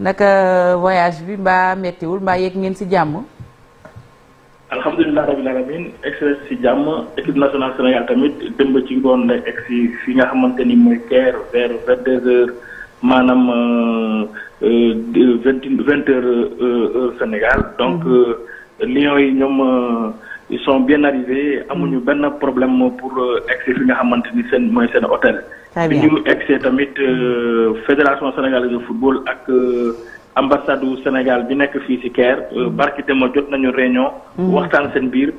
naka voyage bi mbaa mettiwul mbaa yegg ngeen si jàmm. alhamdulilah rabil alamin egsi si jàmm équipe nationale Sénégal tamit démb ci ngoon la egsi fi nga xamante ni mooy Caire vers vingt deux heures maanaam euh, euh, vingt vingt euh, Sénégal donc mm-hmm. Lions yi ñoom. ils sont bien arrivés amuñu mm. benn problème pour euh, egsi fi nga xamante ni seen mooy seen hôtel. bi ñu egsee tamit euh, fédération sénégalaise de football ak euh, ambassade du Sénégal bi nekk fii ci Caire. Mm. barki dema jot nañu réunion. Mm. waxtaan seen biir.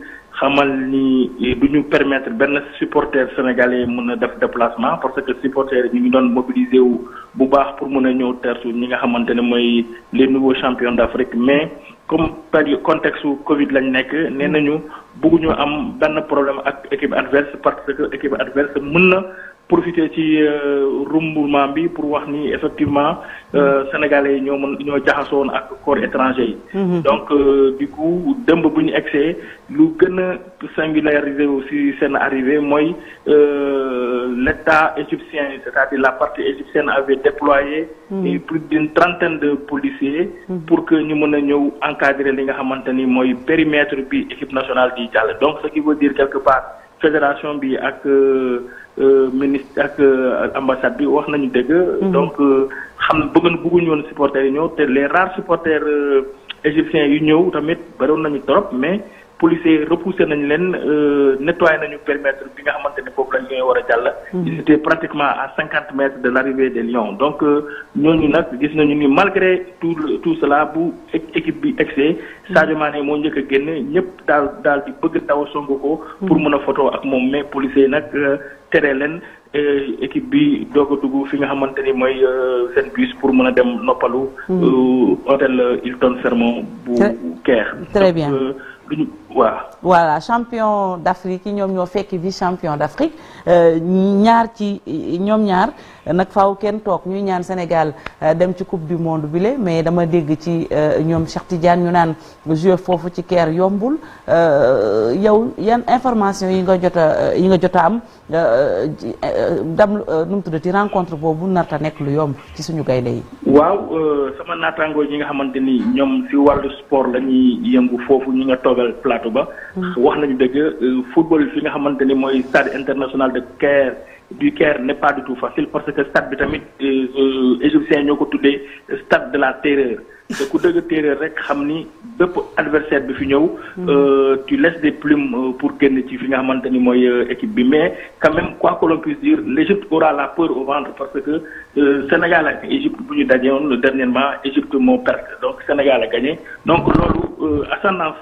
xamal ni du ñu permettre benn supporter sénégalais mën na def déplacement parce que supporter ñu ngi doon mobiliser wu bu baax pour mun a ñëw tertu ñi nga xamante ne mooy les nouveaux champions d'Afrique mais comme période contexte Covid lañ nekk nee nañu bëgguñu am benn problème ak équipe adverse parce que équipe adverse mën na profité ci euh, rumbulement bi pour wax ni effectivement euh, mm-hmm. sénégalais yi ñoo man ñoo jaxasoon ak corps étranger yi. Mm-hmm. donc euh, du coup dëmb bu ñu egsee lu gën a singularisé aussi seen arrivée mooy l' état égyptien c'est-à-dire la partie égyptienne avait déployé. Mm-hmm. plus d'une de policiers. pour que ñu mën a ñëw encadrer li nga xamante ni mooy périmètre bi équipe nationale di jàll donc ce qui veut dire quelque part. fédération bi ak euh, euh, ministre ak euh, ambassade bi wax nañu dëgg. Mhm. donc xam bëggoon bëgguñu woon supporters yi ñëw te les rares supporters égyptiens yu ñëw tamit baroon nañu trop mais. policiers repoussé nañ leen euh, nettoyé nañu périmètre bi nga xamante ne foofu la lion yi war a jàll. Hmm. ils étaient à cinquante mètres de l' arrivée lion lions donc euh, ñooñu nag gis nañu ni malgré tout tout cela bu équipe bi saa Sadio Mané moo njëkk a génn ñëpp daal daal di bëgg daw songu ko. pour hmm. mën a photo ak moom mais policiers nag euh, tere leen. équipe bi doog a dugg fi nga xamante ni mooy seen bus pour mën a dem noppalu. Hmm. hôtel Hilton Sermon bu Caire. duñu voilà. voilà champion d'Afrique yi ñoom ñoo fekki vice champion d'Afrique euh, ñaar ci ñoom ñaar. nag faaw kenn toog ñuy ñaan Sénégal euh, dem ci coupe du monde bi mais dama dégg ci euh, ñoom Cheikh Tidiane ñu naan jouer foofu ci keer yombul euh, yow yan information yi nga jot yi nga jot a am dam nu mu tuddati rencontre boobu narta nekk lu yomb ci suñu gaynde yi waaw sama naataangoo yi nga xamante ni ñoom si wàllu sport la ñuy yëngu foofu ñu nga toogal plateau ba hmm. wax nañu dëgg football fi nga xamante ni mooy stade international de Caire du Caire n'est pas du tout facile parce que stade bi tamit euh, égyptiens ñoo ko tuddee stade de la terreur te ku dëgg terreur rek xam ni bépp adversaire bi fi ñëw mm. euh, tu less de plumes euh, pour génn ci fi nga xamante ni mooy équipe bi mais quand même quoi que l'on l'Égypte aura la peur au ventre parce que Sénégal ak Égypte bu ñu dajewoon dernièrement Égypte moo perte donc Sénégal a gagné donc loolu ascendance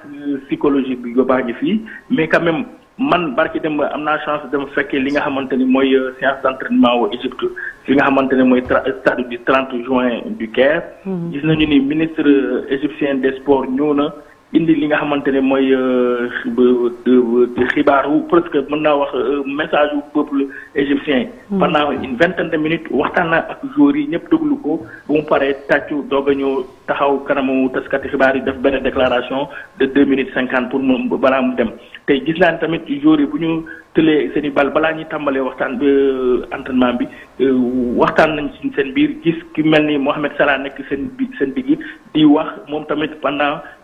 psychologique bi go baax ji fii mais quand man barki dem am naa chance dem fekkee li nga xamante ni mooy euh, séance d'entraînement wu Égypte fi nga xamante ne mooy stade du 30 join du Caire. Mm-hmm. gis nañu ni ministre euh, égyptien des sports ñëw na. indi li nga xamante ne mooy euh, euh, xibaaru presque mën naa wax euh, message bu peuple égyptien. Hmm. pendant une vingtaine de minutes waxtaan naa ak joueurs yi ñëpp déglu ko bu mu paree tàccu doog a ñëw taxaw kanamu taskati xibaar yi def benn déclaration de deux minutes cinquante pour mu balaa mu dem te gis naa tamit joueurs yi bu ñu tëlee seen i bal balaa ñuy tàmbalee waxtaan bi entraînement bi waxtaan nañ ci seen biir gis ki mel ni Mohamed Salah nekk seen bi seen biir di wax moom tamit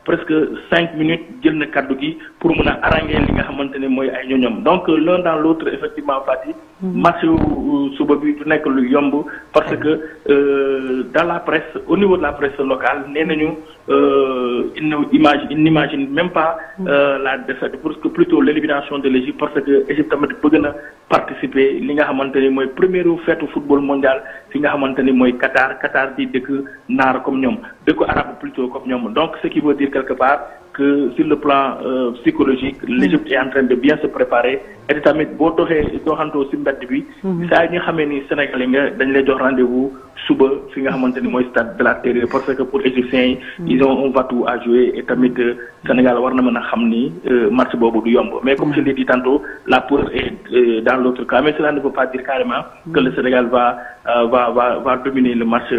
presque cinq minutes jël na kàddu gi pour mun a arranger li nga xamante ne mooy ay ñoñom donc euh, l'un dans l'autre effectivement Fatick. Mm-hmm. marché euh, suba bi du nekk lu yomb parce que euh, dans la presse au niveau de la presse locale nee nañu euh, une image il n'imagine même pas mm-hmm. euh, la défaite parce que plutôt l'élimination de l'Égypte parce que Égypte tamit bëgg na participer li nga xamante ni mooy première feetu football mondial fi nga xamante ni mooy Qatar Qatar di dëkk naar comme ñoom quelque part que sur le plan euh, psychologique mm-hmm. l'Égypte est en train de bien se préparer et tamit boo doxee doxantoo ci mbedd bi mm-hmm. saa yi nga xamee ni Sénégalais nga dañ lay jox rendez-vous suba fi nga xamante ni mooy stade de la Terreur parce que pour égyptiens mm-hmm. ils ont va-tout à jouer et tamit euh, Sénégal war mën a xam ni euh, match boobu du yomb mais comme je l'ai dit tantôt la peur est euh, dans l'autre cas mais cela ne veut pas dire carrément que le Sénégal va dominer le match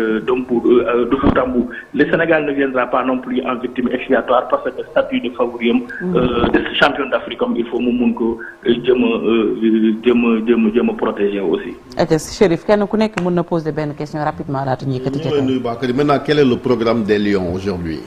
statut de favori am mm. euh, de champion d'Afrique am il faut mu mun ko euh, euh, jëm a jëm a jëm jëm a protéger aussi. RTS Chérif kenn ku nekk mën na poser benn question rapidement laata ñuy. kati ca kaw ñu ngi lay nuyu Bakary maintenant quel est le programme des Lions aujourd'hui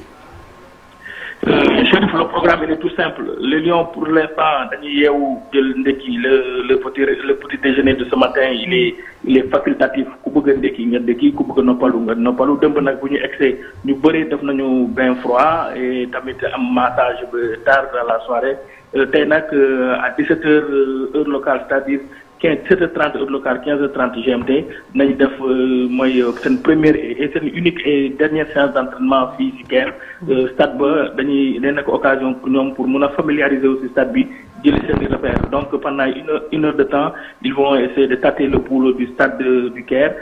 Chérif euh, le programme il est tout simple les lions pour l'instant dañuy yeewu jël ndekki le le petit le petit déjeuner de ce matin il est il est facultatif ku bëgg a ndekki nga ndekki ku bëgg noppalu nga noppalu demb nag bu ñu egsee ñu bëree def nañu bain froid et tamit am massage ba tard dans la soirée euh, tey nag euh, à 17 heures heure locale c'est-à-dire quinze sept heures trente heure locale quinze heures trente GMT nañ def euh, mooy euh, seen première et seen unique et dernière séance d'entraînement fii euh, si ba dañuy leen occasion pour pour mun a familiariser aussi stade bi jëli repère donc pendant une heure de temps ils vont essayer de tâter le pouls du stade du Caire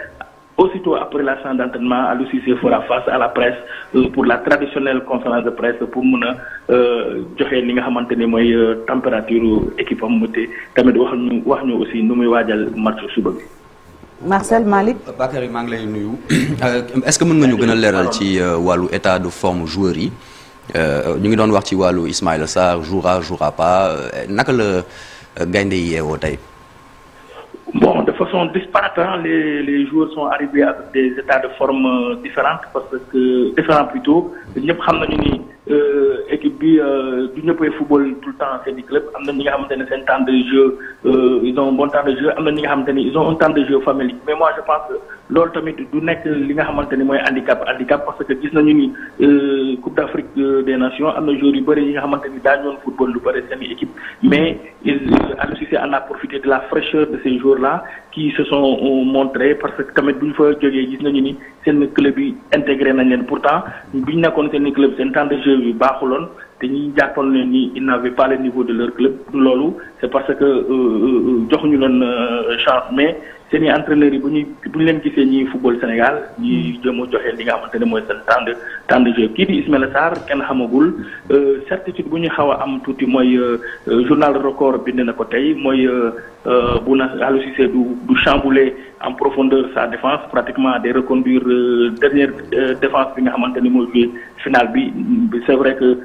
Aussitôt après la salle d'entraînement, Aliou Cissé fera face à la presse euh, pour la traditionnelle conférence de presse pour mun a euh, joxe li nga xamante ni mooy euh, température équipe am mu te tamit wax ñu wax ñu aussi nu muy waajal match suba bi. Marcel Malick. Bakary maa ngi lay nuyu est-ce que mën nga ñu gën a leeral ci wàllu état de forme joueurs yi ñu ngi doon wax ci wàllu Ismaïla Sarr joura jouera pas naka la gaynde yi yeewoo tey. Bon, de façon disparate, hein, les, les joueurs sont arrivés avec des états de forme euh, différentes parce que, différents plutôt. Nous savons Euh, équipe bi euh, du ñëppay football tout le temps seen i club am na ñi temps de jeu euh, ils ont bon temps de jeu am na ñi nga xamante ils ont temps de jeu familial mais moi je pense que tamit du nekk li nga xamante ne mooy handicap parce que gis nañu ni Coupe d'Afrique des Nations am na joueurs yu bëri nga xamante ni football lu bëri seen équipe mais Aliou Cissé en a profité de la fraîcheur de ces joueurs là qui se sont montrés parce que tamit bu ñu fa jógee réew baaxu baaxuloon te ñuy jàppoon ne ni ils n'avaient pas le niveau de leur club loolu c'est parce que euh, euh, euh, joxuñu leen chance mais seen i entraîneurs yi bu ñuy bu ñu leen gisee ñuy football Sénégal ñuy jéem a joxe li nga xamante ne mooy seen temps de temps de jeu kii di Ismaïla saar kenn xamagul euh, certitude bu ñuy xaw a am tuuti mooy euh, journal record bind na ko tey mooy euh, bu na Aliou Cissé du du chambouler en profondeur sa défense pratiquement day reconduire dernière défense bi nga xamante ne mooy finale bi c'est vrai que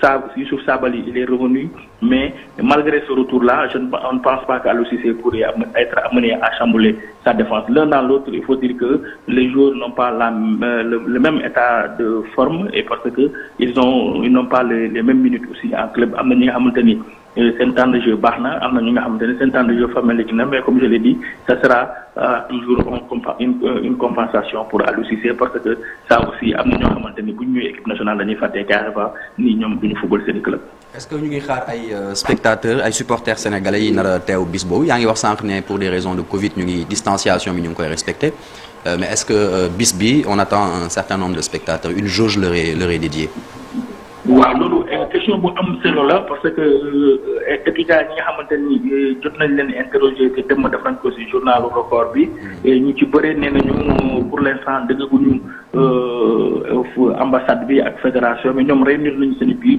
Sa Youssouf Sabaly il est revenu mais malgré ce retour là je ne on ne pense pas que Aliou Cissé pourrait être amené à chambouler sa défense l'un dans l'autre il faut dire que les joueurs n'ont pas la euh, le, le même état de forme et parce que ils ont ils pas les, les mêmes minutes aussi en club am na ñi nga xamante ni Euh, seen temps de jeu baax na am na ñu nga xamante ne seen temps de jeu famélique na mais comme je l'ai dit ça sera euh, toujours euh, une compensation pour Aliou Cissé parce que ça aussi am na ñoo xamante ni bu ñu ñëwee équipe nationale dañuy fàtte carrément nii ñoom du ñu football seen est-ce que ñu ngi xaar ay spectateurs ay supporters sénégalais yi nar teew bis boobu yaa ngi wax sànq ne pour des raisons de Covid ñu ngi distanciation bi ñu ngi koy respecté mais est bi on attend un certain nombre de spectateurs une jauge leur est leur est bu am solo la parce que euh, étudiants ñi nga xamante ni euh, jot nañ leen interroger te dem def nañ ko ci journalu record bi hmm. ñu ci bëre nee nañu pour l'instant dëggaguñu euh, ambassade bi ak fédération bi ñoom réunir nañu seen biir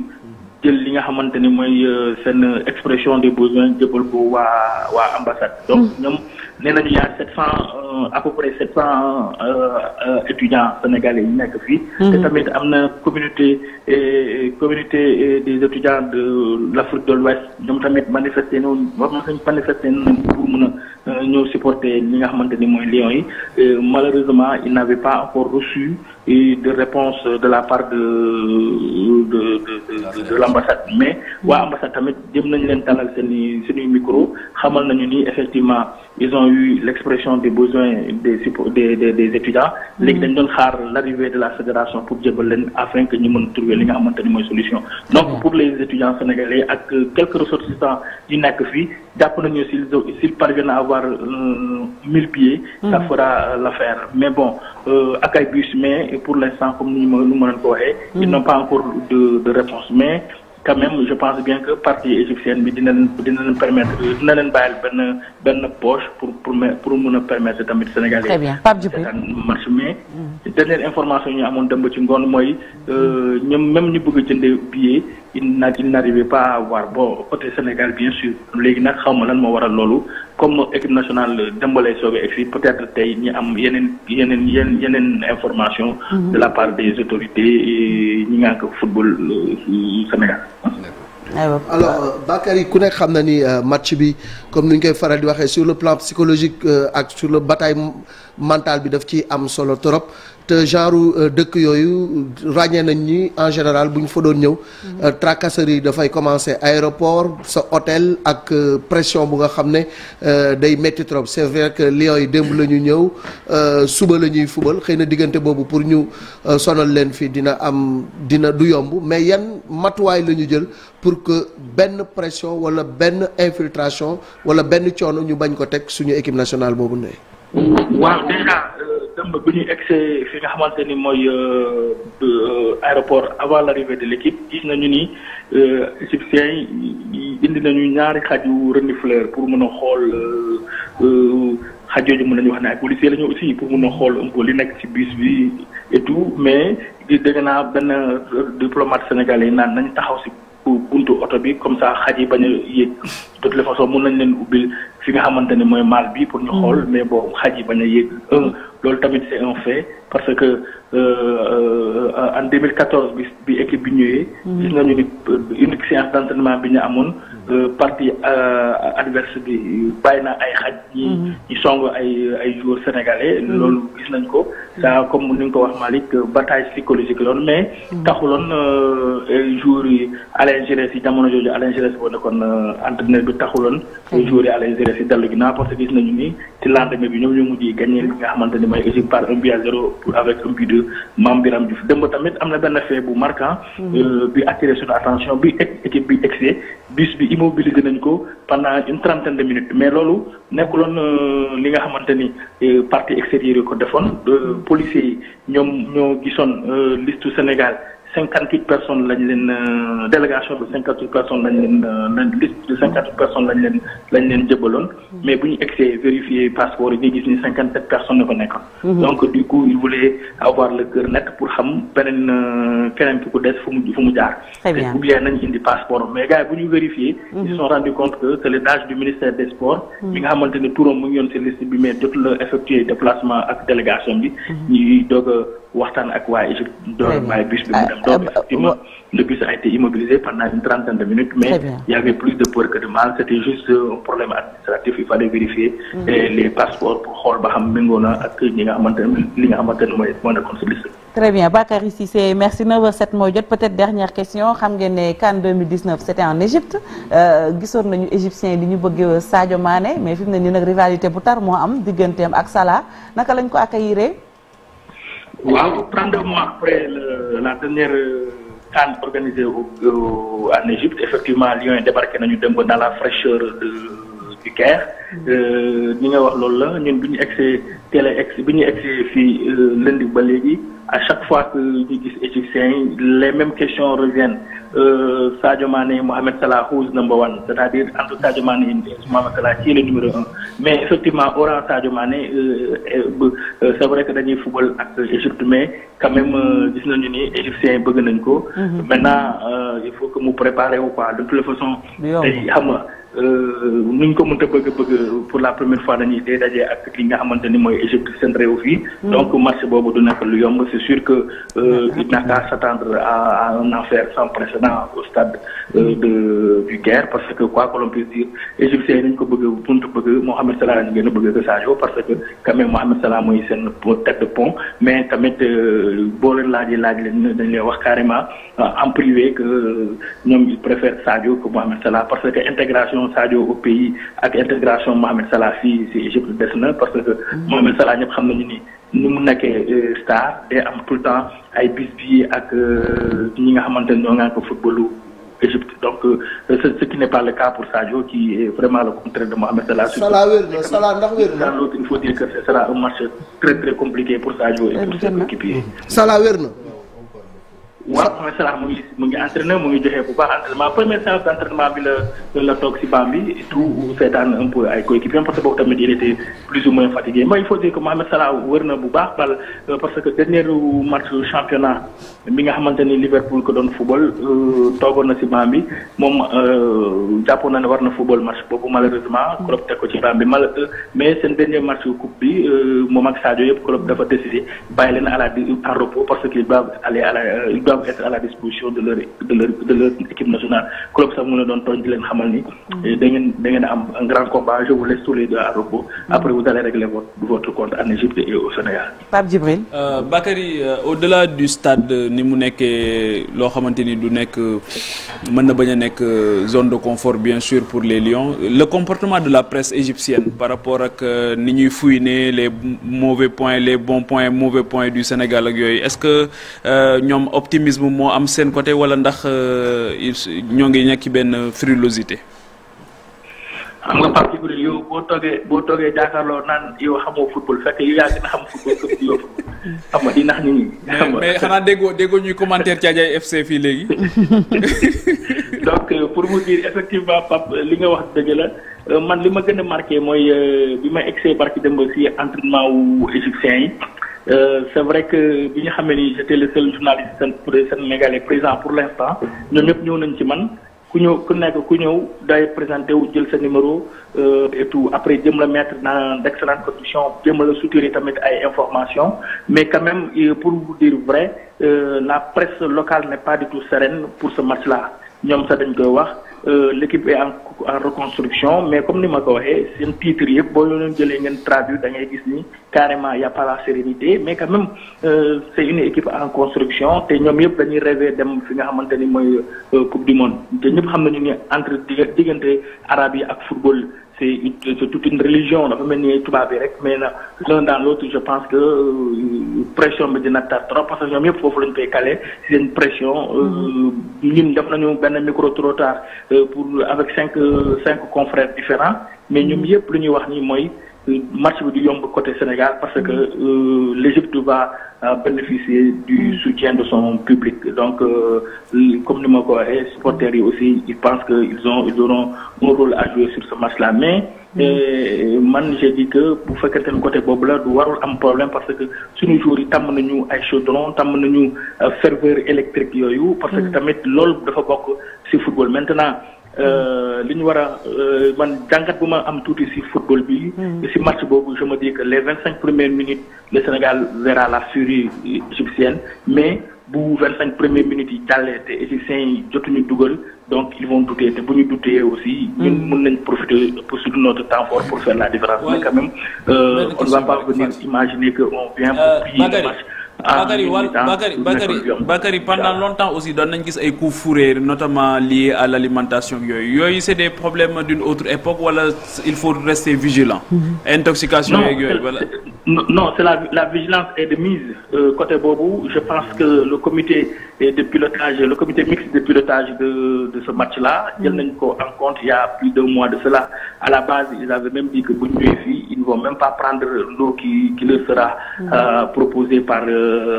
jël li nga xamante ni mooy seen expression des besoins jëbal ko waa waa ambassade donc hmm. ñoom nee nañu yaa sept cent euh, à peu près sept cent euh, euh, étudiants sénégalais yi nekk fii mm-hmm. te tamit am na communauté communauté des étudiants de l'Afrique de l'Ouest ñoom tamit manifesté noonu war na sañ manifesté nañ pour mën a ñëw li nga xamante ni mooy Lions yi malheureusement ils n'avaient pas encore reçu de réponse de la part de de de l'ambassade mais mm-hmm. waa ambassade tamit jëm nañ leen talal seen i suñuy micro xamal nañu ni effectivement ils ont eu l'expression des besoins des des des, des étudiants. Mm. léegi dañ doon xaar l'arrivée de la fédération pour jébal leen afin que ñu mën trouver li nga xamante solution. Mm. donc pour les étudiants sénégalais ak quelques ressortissants yu nekk fii jàpp nañu s'ils parviennent avoir euh, mille pieds. Mm. ça fera euh, l'affaire mais bon euh, accueil bus mais pour l'instant comme ni ma nu ma leen ko ils n'ont pas encore de réponse mais. quand même je pense bien que parti égyptienne bi dina leen dina leen leen bàyyil benn benn poche pour pour pour mun a permettre tamit Sénégalais. très bien Pape Djibril mais. Mm. dernière information ñu amoon dem ba ci ngoon mooy euh, ñoom même ñu bëgg a jëndee billet il n' il n' arrivait pas à avoir bon côté Sénégal bien sûr léegi nag xaw ma lan moo waral loolu. comme équipe nationale Dembélé soog a egsi peut-être tey ñi am yeneen yeneen yeneen yeneen information mhm. de la part des autorités ñi nga ko football euh, Sénégal aywa alors euh, Bakary ku nekk xam na ni euh, match bi comme ni ñu koy faral di waxee sur le plan psychologique ak sur le bataille mentale bi daf ci am solo trop. te genre euh, dëkk yooyu ràññee nañ ñi en général bu ñu fa doon ñëw. Euh, tracasserie yi dafay commencer aéroport sa hôtel ak euh, pression bu nga xam ne day métti trop c'est vrai que lions yi démb la ñu ñëw suba la ñuy fubal xëy na diggante boobu pour ñu sonal leen fii dina am dina du yomb mais yan matuwaay la ñu jël pour que benn pression wala benn infiltration wala benn coono ñu bañ ko teg suñu équipe nationale boobu ne. bi bu ñuy egsee fi nga xamante ni mooy euh, euh, aéroport avant l'arrivée de l'équipe gis nañu ni euh, égyptiens yi indi nañu ñaari xaju renifleur pour mun a xool xaj yooyu mun nañu wax ne ay policiers lañu aussi pour mën a xool un peu li nekk ci bus bi et mais mais dégg naa benn diplomate yi naan nañ taxaw si buntu oto bi comme ça xaj yi bañ a yéeg mun nañ leen ubbil fi nga xamante ne mooy mal bi pour ñu xool mm. mais boobu xaj yi bañ a yéeg un mm. loolu tamit c'est un fait parce que euh, euh, en 2014 bi bi équipe bi ñëwee. Mm. gis nañu ni euh, une séance d'entraînement bi ñu amoon. partie adverse bi bàyyi na ay xaj. ñi ñi ay ay joueurs sénégalais. loolu gis nañ ko. ça comme ni nga ko wax Malick bataille psychologique loon mais. taxuloon joueurs yi Alain Giresse yi jamono jooju Alain Giresse boo nekkoon entraîneur bi taxuloon. joueurs yi Alain ne si dellu ginnaaw parce que gis nañu ni ci lendemain bi ñoom ñoo mujj gagné li nga xamante ni mooy Égypte par un but à zéro pour avec un but de Mame Birame Diouf démb tamit am na benn fait bu marquant. Hmm. Euh, bi attiré suñu attention bi équipe bi excès bus bi immobilisé nañ ko pendant une trentaine de minutes mais loolu nekkuloon euh, li nga xamante ni euh, partie extérieure ko defoon policiers yi ñoom ñoo gisoon listu Sénégal. cinquante huit personnes lañ leen euh, délégation de cinquante huit euh, personnes lañ leen lañ de cinquante huit personnes lañ leen lañ mais bu ñu egsee vérifier passeport yi nga gis ni cinquante sept personnes ko nekkoon mhm. donc du coup il voulait avoir le cœur net pour xam beneen keneen euh, ki ku des fu mu fu mu jaar bu bien nañ indi passeport mais gars yi bu ñu vérifier mhm. ils se rendu compte que c'est du ministère des sports mhm. mi nga xamante ne turam mu ngi yoon waxtaan ak waaye Égypte door bàyyi bus bi mu dem ah, donc euh, effectivement le bus a été immobilisé pendant une trentaine minutes mais il y plus de mm. euh, pour xool ba xam méngoo na ak ñi nga xamante ne li nga xamante ne mooy moo nekkoon si liste jot peut-être dernière question xam ngeen ne CAN 2019 c'était en Égypte euh, gisoon nañu égyptien li ñu bëggee Sadio maane mais fi mu ne nii nag rivalité bu tar moo am digganteem ak Salah naka lañ ko accueillir waaw 32 mois après le, la dernière euh, CAN organisée au, en Égypte effectivement Lions yi débarqué nañu dem ba dans la fraîcheur de. ci mm-hmm. euh, ni nga wax loolu la ñun bi ñu egsee teel a egsi bi ñu egsee fii euh, lundi ba léegi à chaque fois que ñu gis égyptiens yi les mêmes questions reviennent Sadio Mané Mohamed Salah who is number one c'est-à-dire entre Sadio Mané Mohamed Salah qui le numéro un mais effectivement Oran Sadio Mané euh, euh, euh, c'est vrai que dañuy football ak Égypte mais quand même gis nañu ni égyptiens bëgg nañ ko. Mhm. maintenant il faut que mu préparer quoi de toute façon. tey xam nga Euh, nuñ ko mënta bëgg bëgg pour la première fois dañuy day dajee ak li nga xamante ni mooy Égypte seen réew fii. Hmm. donc marché boobu du nekk lu yomb c' est sûr que. Euh, il n'a qu'à s'attendre à un affaire sans précédent au stade euh, hmm. de du parce que quoi que l'on puisse dire égyptiens yi nañ ko bëgg mënta bëgg Mohamed Salah lañ gën a bëgg que Sadio parce que quand même Mohamed Salah mooy seen tête de pont mais tamit booleen leen laajee laaj leen dañ lay wax carrément en privé que ñoom ils préfèrent Sadio que Mohamed Salah intégration. intégration Sadio au pays ak intégration Mohamed Salah fii si Égypte des na parce que mm. Mohamed Salah ñëpp xam nañu ni nu mu nekkee euh, star day am tout le temps ay bis bi ak euh, ñi nga xamante ne ñoo ngaan ko footballu Égypte donc euh, ce qui n'est pas le cas pour Sadio qui est vraiment le contraire de Mohamed Salah. Salah wér na Salah ndax wér na. il faut dire que ce sera un match très très compliqué pour Sadio et pour ses équipiers. Salah wér na. waaw mooy Salah mu ngi mu ngi entraîné mu ngi joxee bu baax entraînement première séance d' entraînement bi la la toog si banc bi tout seetaan un peu ay coéquipier parce que boobu tamit il était plus ou moins fatigué mais faut dire que Mohamed Salah na bu baax bal euh, parce que dernier match championnat bi nga xamante ni Liverpool ko doon football euh, toogoon na si baam bi moom euh, jàppoon na ne war na football match boobu malheureusement Klopp teg ko ci banc bi mal mais seen dernier match coupe bi moom ak Sadio yëpp Klopp dafa décidé bàyyi leen à la à repos parce qu'il doivent être à la disposition de leur de ne doon tooñ di leen xamal ni. Mm. Eh, da ngeen da ngeen am mm. au euh, euh, delà du stade euh, ni mu nekkee loo xamante ni du nekk mën na bañ a nekk zone de confort bien sûr pour les Lions le comportement de la presse égyptienne par rapport ak ni ñuy fouiner les mauvais points les bons points mauvais points du Sénégal ak yooyu est-ce que ñoom optimisme optimisme moo am seen côté wala ndax euh, ñoo ngi nekk benn frilosité. xam nga Pape Djibril yow boo toogee boo toogee jàkkaarloo naan yow xamoo football fekk yow yaa gën a xam football këpp di yow xam nga di nax nit ñi. mais xanaa déggoo déggoo ñuy commentaire Thiadiaye FC fii léegi. donc euh, pour vous dire effectivement Pape euh, li nga wax dëgg la man li ma gën a marqué mooy bi ma egsee barki dem ba si entraînement wu égyptien yi. Euh, c' est vrai que bi ñu xamee ni j' étais le seul journaliste seen sénégalais présent pour l' instant ñoom ñëpp ñëw nañ ci man ku ñëw ku nekk ku ñëw day présenté wu jël sa numéro euh, et tout après jëm la mettre dans d' excellentes jëm la soutenir tamit ay information mais quand même euh, pour vous dire vrai la presse locale n' est pas du tout sereine pour ce match là ñoom sax dañ koy wax. Euh, l'équipe est en en reconstruction mais comme ni ma ko waxee seen titre yëpp boo leen jëlee ngeen traduire dangay gis ni carrément y a la sérénité mais quand même euh, c'est une équipe en construction te ñoom yëpp dañuy rêver dem fi nga xamante ni mooy euh, coupe du monde te ñëpp xam nañu ni entre diggante arab yi ak football. c'est c'est toute une religion dafa mel ni tubaab yi rek mais na l'un dans l'autre je pense que euh, pression bi dina tar trop parce que ñoom yëpp foofu lañ koy caler seen pression euh, ñun def nañu benn micro trottoir euh, pour avec cinq cinq confrères différents mais ñoom mm. yëpp lu ñuy wax ni mooy match bi du yomb côté Sénégal parce que euh, l'Égypte va euh, bénéficier du soutien de son public donc euh, comme ni ma ko waxee yi aussi ils pensent que ils ont ils auront un rôle à jouer sur ce match là mais mm. euh, man j'ai dit que bu fekkente ne côté boobu la du warul am problème parce que suñu jour yi tàmm nañu ay chaudron tàmm nañu euh, ferveur électrique yooyu parce que mm. tamit loolu dafa bokk ci football maintenant Euh, li ñu war a euh, man jàngat bu ma am tuuti si football bi. si hmm. match boobu je me dis que les vingt cinq premières minutes le Sénégal verra la furie euh, égyptienne mais bu vingt cinq premières minutes yi jàllee te égyptiens yi jotuñu dugal donc ils vont douter te bu ñu douter aussi. ñun mën hmm. nañ profiter pour sur notre temps fort pour faire la différence. mais quand même on va pas venir imaginer que on vient pour le match. Ah, Bakary wan Bakary Bakary Bakary pendant longtemps aussi doon nañ gis ay coups fourrés notamment liés à l'alimentation yooyu c'est des problèmes d'une autre époque wala il faut rester vigilant mm-hmm. intoxication yeeg yooyu non c'est la vigilance est de mise euh, côté boobu je pense que le comité de pilotage le comité mixte de pilotage de ce match là jël nañ ko plus d'un mois de cela à la base ils avaient même dit que bu ñu ñëwee ne vont pas prendre l'eau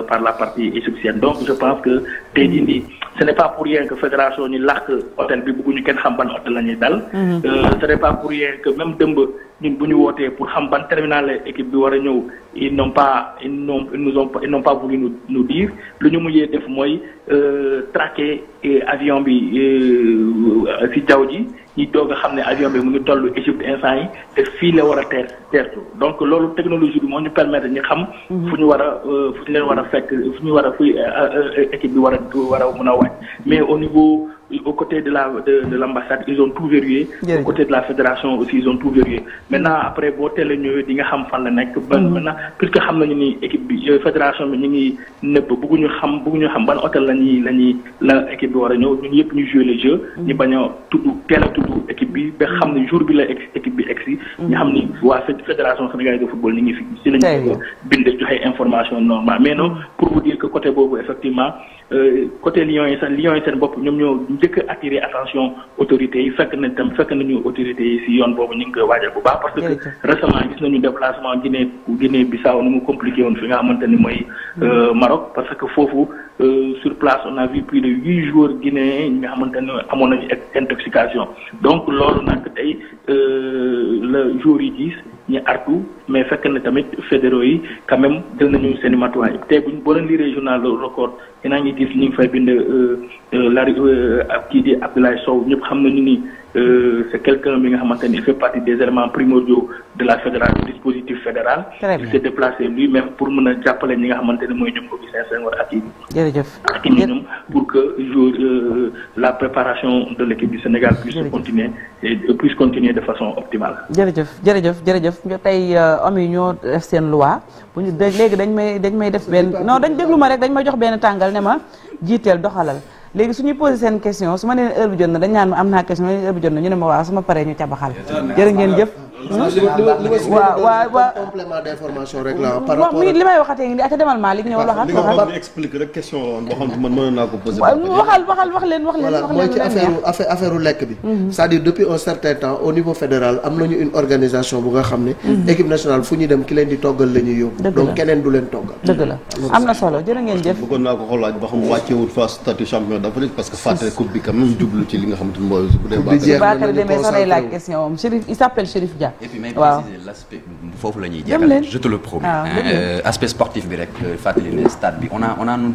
par la partie égyptienne donc je pense que tey jii nii ce n'est pas pour rien que fédération ñu làkk hôtel bi bëgguñu kenn xam ban hôtel la dal. Mhm. Euh, ce n'est pas pour rien que même dëmb ñun bu wootee pour xam ban équipe bi war a ñëw ils n'ont pas ils n'ont pas voulu nous nous lu ñu mujjee def mooy euh, traquer euh, avion bi ci jaww ñi doog a xam ne avion bi mu ngi toll Égypte instant yi te fii la war a teer teertu donc loolu technologie bi moo ñu permettre ñu xam. Mhm. fu ñu war a euh, fu ñu leen war a fekk fu ñu war a fuy euh, euh, équipe bi war a war a mën a wàcc mais au niveau. au côté de la de, de l'ambassade ils ont tout verrouillé au côté de la fédération aussi ils ont tout verrouillé maintenant après boo teelee ñëwee di nga xam fan la nekk ba mhm. maintenant puisque xam nañu ni équipe bi fédération bi ñu ngi nëbb bëgguñu xam bëgguñu xam ban hôtel la ñuy la ñuy la équipe bi war a ñëw ñun yëpp ñu jouer le jeu mhm. ñu bañ a tudd teel a tudd surtout équipe bi ba xam ne jour bi la équipe bi egsi mm-hmm. ñu xam ni waa fédération sénégalaise de football ni ngi fi si lañu binde joxe information normale mais non mm-hmm. pour vous dire que côté boobu effectivement euh, côté Lions yi sax Lions bopp ñoom ñoo njëkk a attirer attention autorités yi fekk na tam fekk nañu autorités yi si yoon boobu ñu ngi waajal bu baax parce que récemment gis nañu déplacement Guinée Guinée Bissau nu mu compliqué woon fi nga xamante ni mooy euh, mm-hmm. Maroc parce que Euh, sur place on a vu plus de huit joueurs guinéens nga xamante ne amoon nañu intoxication donc loolu nag tey euh, la jour yi gis ñu artu mais fekk na tamit fédéraux yi quand même jël nañu seen i matuwaay tey buñ boo leen lire journal record dinaa ngi gis ñu ngi fay bind euh, Larry kii di Abdoulaye Sow ñëpp xam nañu ni. Euh, c'est quelqu'un bi nga xamante ni il fait partie des éléments primordiaux de la fédération dispositif fédéral. il s'est déplacé lui-même pour mën a jàppale ñi nga xamante ne mooy ñoom Augustin Senghor ak yi. jërëjëf ak ñoom pour que euh, la préparation de l'équipe Sénégal puisse continuer et puisse de façon optimale. jërëjëf jërëjëf jërëjëf tey am euh, yi ñoo def seen loi bu ñu léegi dañ may dañ may def benn non dañ déglu ma rek dañ may jox benn tàngal ne ma jiiteel doxalal. léegi su ñu posé seen question su ma nee heure bi jot na dañ naan ma am naa question heure bi jot na ñu ne ma waaw su ma paree ñu cabaxal jërë ngeen jëf waaw waaw waaw li may waxatee ngi di ata demal Malick ñëw waxal li nga explique rek question la woon man mënoon naa ko poser waxal waxal wax leen wax leen voilà mooy ci affaire affaire lekk mhm. une organisation bu nga xam ne mhm. équipe nationale fu ñu dem ki leen di toggal la yóbbu donc keneen du leen toggal dëgg la mhm. am na solo jërë ngeen jëf bëggoon naa ko xoolaaj ba xam wàccewul fa statut champion d'Afrique parce que fàtte coupe bi quand jublu ci li nga xam ne et puis may préciser la ñuy jeexal je te le promets ah, euh, aspect sportif bi rek euh, fàttali stade bi on a on a nun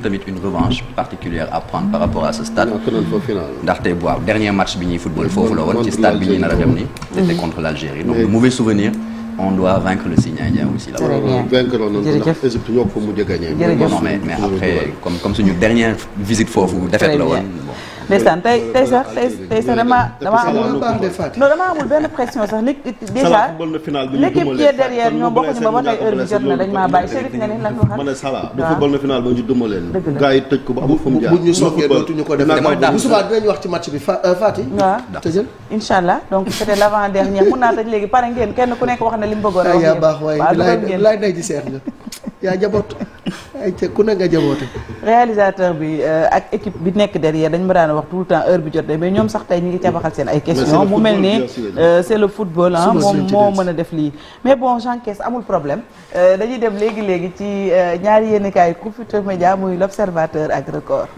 revanche particulière à prendre par rapport à ce ah, dernier match football foofu la woon ci stade bi ñuy nar a dem mhm. contre l'Algérie donc de mauvais souvenirs on doit vaincre le Singadia aussi là-bas. vaincre noonu la woon ndeysaan tey tey sax tey tey sax dama dama amul benn pression sax léegi déjà l'équipe na dañ ah. ba ñu duma leen gars yi tëj ko ba amul fu jaar bu ñu sokkee dootuñu ko def bu subaa dinañ wax ci match bi euh, Fati waaw tëjël incha donc c'était l'avant dernier mun naa tëj léegi pare ngeen kenn ku nekk wax na li mu bëggoon wax ngeen waaw baax di seex nga yaa jaboot ay ca ku ne nga jaboote. réalisateur bi euh, ak équipe bi nekk der derrière dañ ma daan wax tout le temps heure bi jot mais ñoom sax tey ñi ngi cabaxal seen ay questions mu mel ne euh, c'est le football ah moom moo mën a def lii mais bon j'encaisse amul problème euh, dañuy dem léegi léegi ci ñaari yéenekaay groupe Futurs Médias muy l'Observateur ak Record